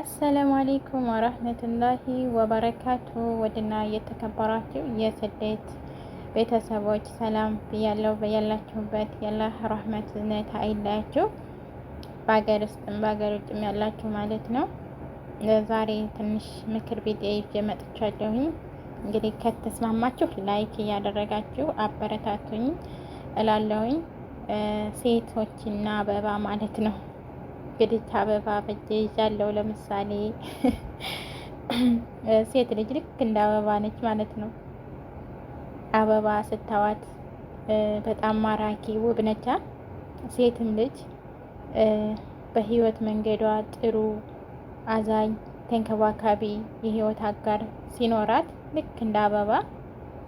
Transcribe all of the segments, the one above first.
አሰላሙ አሌይኩም ወረህመቱላሂ ወበረካቱ ወድና የተከበራችሁ የስደት ቤተሰቦች ሰላም ብያለሁ። በያላችሁበት የአላህ ረህመት ዝነት አይለያችሁ። በሀገር ውስጥም በሀገር ውጭም ያላችሁ ማለት ነው። ዛሬ ትንሽ ምክር ቤት ይዤ መጥቻለሁኝ። እንግዲህ ከተስማማችሁ ላይክ እያደረጋችሁ አበረታቱኝ እላለሁኝ። ሴቶችና በባ ማለት ነው እንግዲህ አበባ በእጄ ይዣለሁ። ለምሳሌ ሴት ልጅ ልክ እንደ አበባ ነች ማለት ነው። አበባ ስታዋት በጣም ማራኪ ውብ ነቻ። ሴትም ልጅ በህይወት መንገዷ ጥሩ አዛኝ፣ ተንከባካቢ የህይወት አጋር ሲኖራት ልክ እንደ አበባ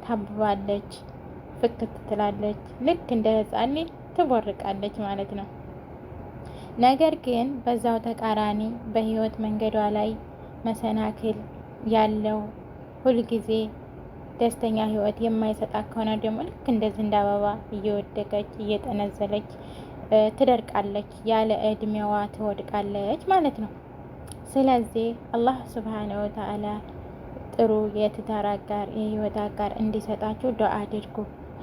ታብባለች፣ ፍክት ትላለች። ልክ እንደ ህፃን ትቦርቃለች ማለት ነው። ነገር ግን በዛው ተቃራኒ በህይወት መንገዷ ላይ መሰናክል ያለው ሁልጊዜ ደስተኛ ህይወት የማይሰጣት ከሆነ ደግሞ ልክ እንደዚህ እንደ አበባ እየወደቀች እየጠነዘለች ትደርቃለች፣ ያለ እድሜዋ ትወድቃለች ማለት ነው። ስለዚህ አላህ ሱብሓነሁ ወተዓላ ጥሩ የትዳር አጋር የህይወት አጋር እንዲሰጣችሁ ዱዓ አድርጉ።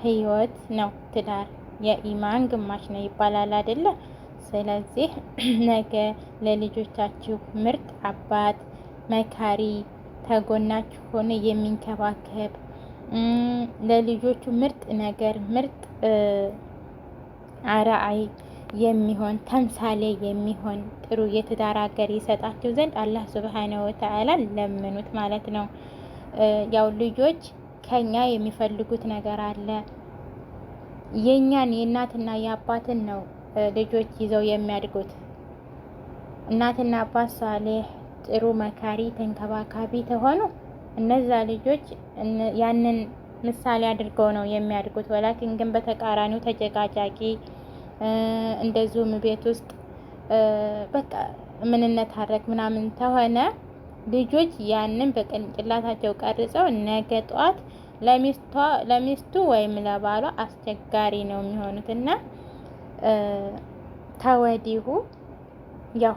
ህይወት ነው ትዳር የኢማን ግማሽ ነው ይባላል አይደለ? ስለዚህ ነገ ለልጆቻችሁ ምርጥ አባት መካሪ ተጎናችሁ ሆነ የሚንከባከብ ለልጆቹ ምርጥ ነገር ምርጥ አርአይ የሚሆን ተምሳሌ የሚሆን ጥሩ የትዳር ሀገር ይሰጣችሁ ዘንድ አላህ ሱብሃነሁ ወተዓላ ለምኑት ማለት ነው። ያው ልጆች ከኛ የሚፈልጉት ነገር አለ። የእኛን የእናትና የአባትን ነው ልጆች ይዘው የሚያድጉት። እናትና አባት ሳሌህ፣ ጥሩ መካሪ፣ ተንከባካቢ ተሆኑ እነዛ ልጆች ያንን ምሳሌ አድርገው ነው የሚያድጉት። ወላኪን ግን በተቃራኒው ተጨቃጫቂ፣ እንደዚሁም ቤት ውስጥ በቃ ምንነታረክ ምናምን ተሆነ ልጆች ያንን በቅንጭላታቸው ቀርጸው ነገ ጧት ለሚስቱ ወይም ለባሏ አስቸጋሪ ነው የሚሆኑት እና ተወዲሁ ያው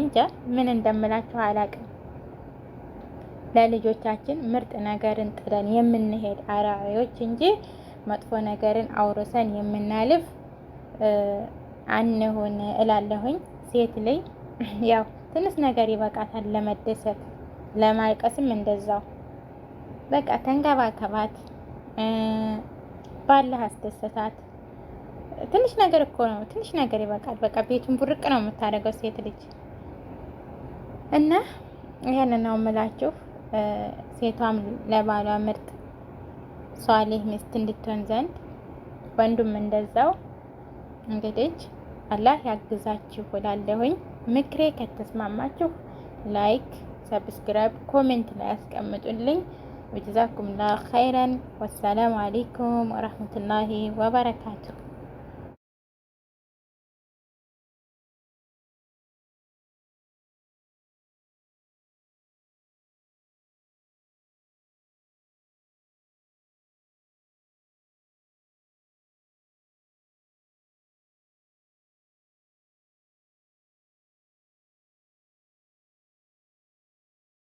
እንጃ ምን እንደምላችሁ አላቅም። ለልጆቻችን ምርጥ ነገርን ጥለን የምንሄድ አራዎች እንጂ መጥፎ ነገርን አውርሰን የምናልፍ አንሁን እላለሁኝ። ሴት ላይ ያው ትንሽ ነገር ይበቃታል ለመደሰት፣ ለማልቀስም እንደዛው በቃ ተንከባከባት፣ ባለህ አስደሰታት። ትንሽ ነገር እኮ ነው። ትንሽ ነገር ይበቃል። በቃ ቤቱን ቡርቅ ነው የምታደርገው ሴት ልጅ እና ይሄንን ነው የምላችሁ። ሴቷም ለባሏ ምርጥ ሷሌህ ሚስት እንድትሆን ዘንድ ወንዱም እንደዛው እንግዲህ አላህ ያግዛችሁ እላለሁኝ። ምክሬ ከተስማማችሁ ላይክ፣ ሰብስክራይብ፣ ኮሜንት ላይ ያስቀምጡልኝ። ወጀዛኩም ላ ኸይረን ወሰላሙ አለይኩም ወራህመቱላሂ ወበረካቱ።